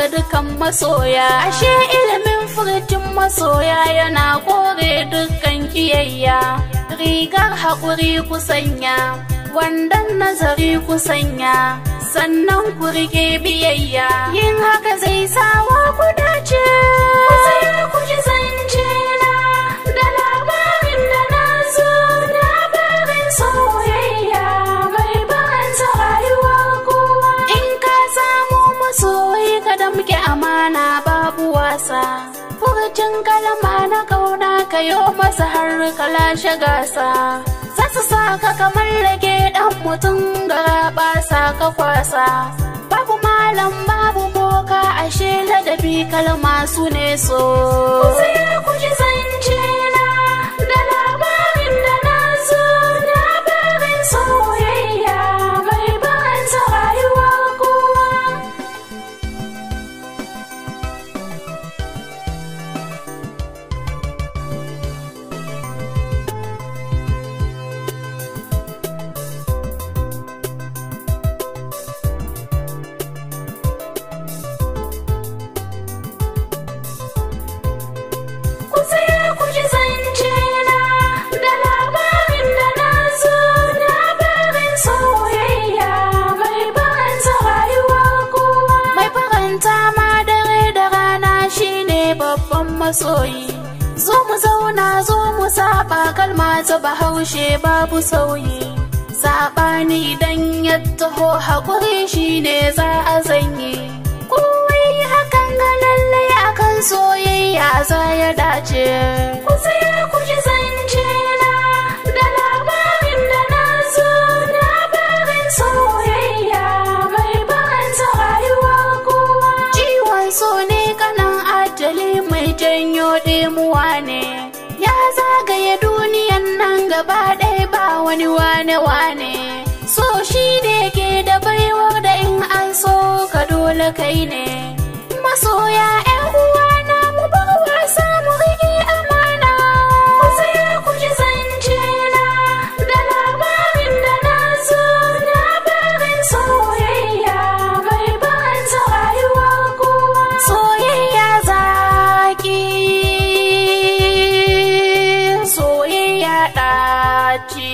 ga dukan masoya ashe ilimin furcin masoya yana kore dukan kiyayya rigar haƙuri kusanya wandan nazari kusanya sannan ku rike biyayya yin haka zai sawa ku dace muke amana babu wasa furucin kalama na kauna ka yi masa har ka lashe gasa za su sa ka kamar rage dan mutum gara sa ka kwasa babu malam babu boka ashe ladabi kalma su ne so masoyi zo mu zauna zo mu saba kalma ta bahaushe babu sauyi saɓani dan ya taho haƙuri shi ne za a zanyi kowai hakan ga lallai akan soyayya za ya dace ɗaya muwa ne ya zagaye duniyan nan gaba ɗaya ba wani wane-wane so shi ne ke da baiwar da in an so ka dole kai ne tati